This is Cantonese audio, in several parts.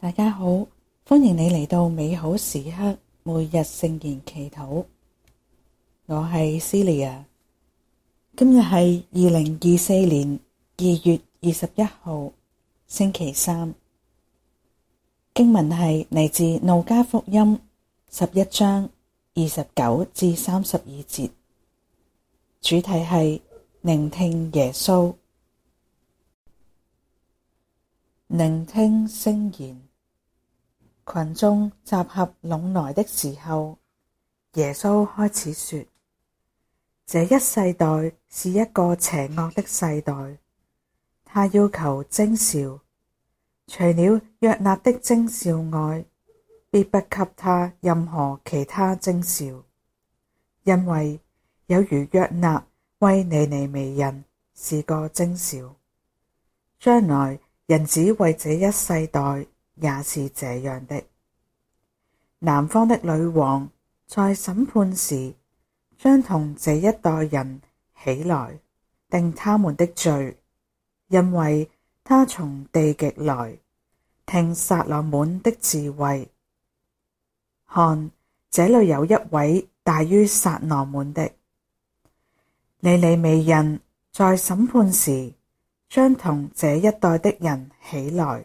大家好，歡迎你嚟到美好時刻每日聖言祈禱。我係 Silia，今日係二零二四年二月二十一號星期三。經文係嚟自《路加福音》十一章二十九至三十二節，主題係聆聽耶穌，聆聽聖言。群眾集合攏來的時候，耶穌開始說：這一世代是一個邪惡的世代，他要求徵兆，除了約納的徵兆外，必不給他任何其他徵兆，因為有如約納為尼尼微人是個徵兆，將來人子為這一世代。也是這樣的。南方的女王在審判時，將同這一代人起來，定他們的罪，因為她從地極來，聽撒羅滿的智慧。看，這裡有一位大於撒羅滿的。尼尼微人在審判時，將同這一代的人起來。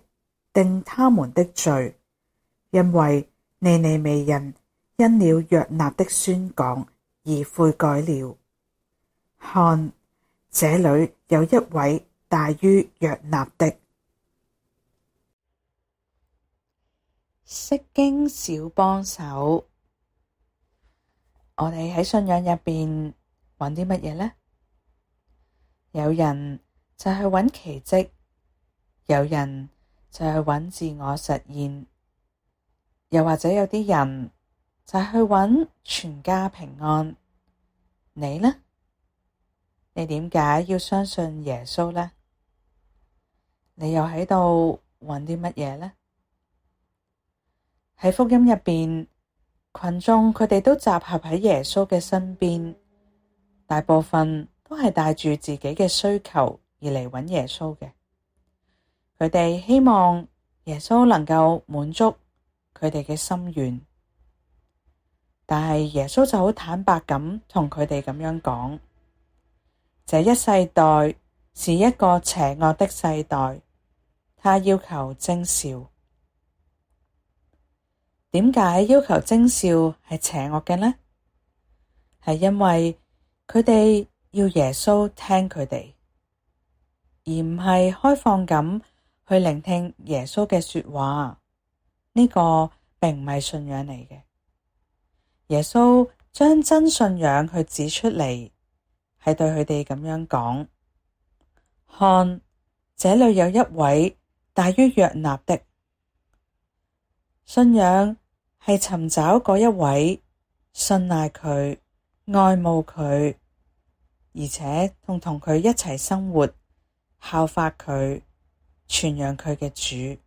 定他們的罪，因為尼尼微人因了約納的宣講而悔改了。看，這裡有一位大於約納的。《釋經小幫手》，我哋喺信仰入邊揾啲乜嘢呢？有人就去揾奇蹟，有人。就去揾自我實現，又或者有啲人就去揾全家平安。你呢？你點解要相信耶穌呢？你又喺度揾啲乜嘢呢？喺福音入邊，群眾佢哋都集合喺耶穌嘅身邊，大部分都係帶住自己嘅需求而嚟揾耶穌嘅。佢哋希望耶穌能夠滿足佢哋嘅心願，但係耶穌就好坦白咁同佢哋咁樣講：這一世代是一個邪惡的世代，它要求徵兆。點解要求徵兆係邪惡嘅呢？係因為佢哋要耶穌聽佢哋，而唔係開放咁。去聆聽耶穌嘅說話，呢個並唔係信仰嚟嘅。耶穌將真信仰去指出嚟，係對佢哋咁樣講。看，這裏有一位大於約納的！信仰，係尋找嗰一位，信賴佢，愛慕佢，而且仲同佢一齊生活，效法佢。傳揚佢嘅主。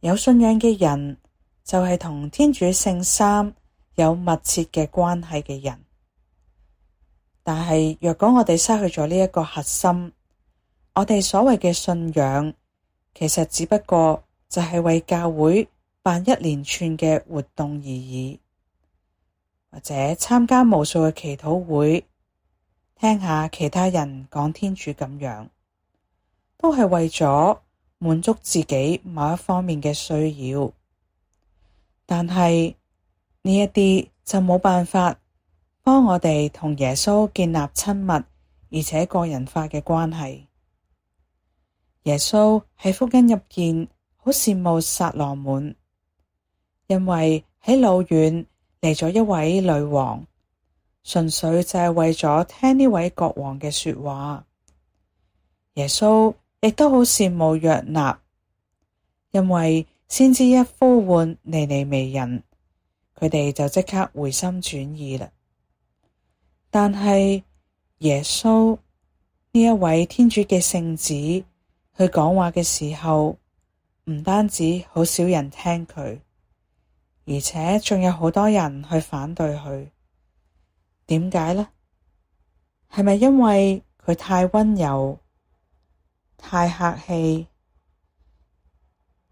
有信仰嘅人就係同天主聖三有密切嘅關係嘅人。但係若果我哋失去咗呢一個核心，我哋所謂嘅信仰，其實只不過就係為教會辦一連串嘅活動而已，或者參加無數嘅祈禱會，聽下其他人講天主咁樣。都係為咗滿足自己某一方面嘅需要，但係呢一啲就冇辦法幫我哋同耶穌建立親密而且個人化嘅關係。耶穌喺福音入邊好羨慕撒羅滿，因為喺老遠嚟咗一位女王，純粹就係為咗聽呢位國王嘅說話。耶穌。亦都好羨慕約納，因為先知一呼喚尼尼微人，佢哋就即刻回心轉意啦。但係耶穌呢一位天主嘅聖子，佢講話嘅時候，唔單止好少人聽佢，而且仲有好多人去反對佢。點解呢？係咪因為佢太温柔？太客氣，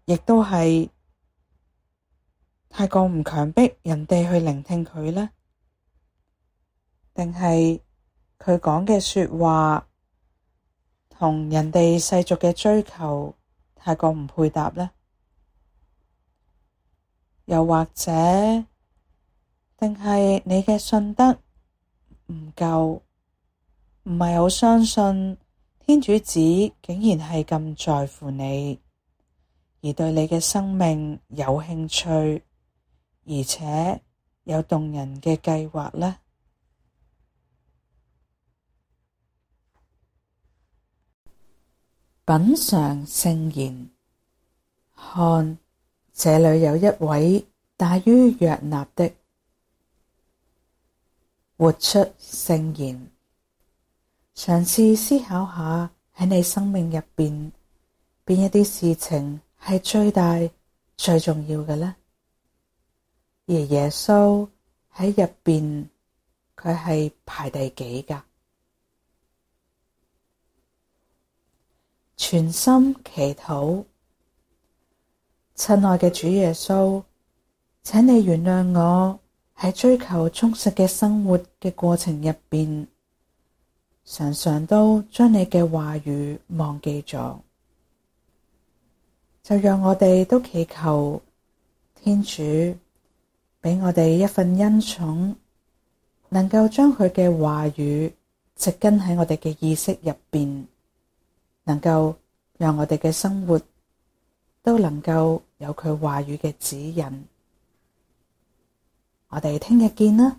亦都係太過唔強迫人哋去聆聽佢呢？定係佢講嘅說話同人哋世俗嘅追求太過唔配搭呢？又或者，定係你嘅信德唔夠，唔係好相信？天主子竟然係咁在乎你，而對你嘅生命有興趣，而且有動人嘅計劃呢？品嘗聖言，看，這裏有一位大於約納的！活出聖言。嘗試思考下，喺你生命入邊，邊一啲事情係最大，最重要嘅呢？而耶穌喺入邊，佢係排第幾噶？全心祈禱，親愛嘅主耶穌，請你原諒我喺追求充實嘅生活嘅過程入邊。常常都將你嘅話語忘記咗，就讓我哋都祈求天主畀我哋一份恩寵，能夠將佢嘅話語植根喺我哋嘅意識入邊，能夠讓我哋嘅生活都能夠有佢話語嘅指引。我哋聽日見啦。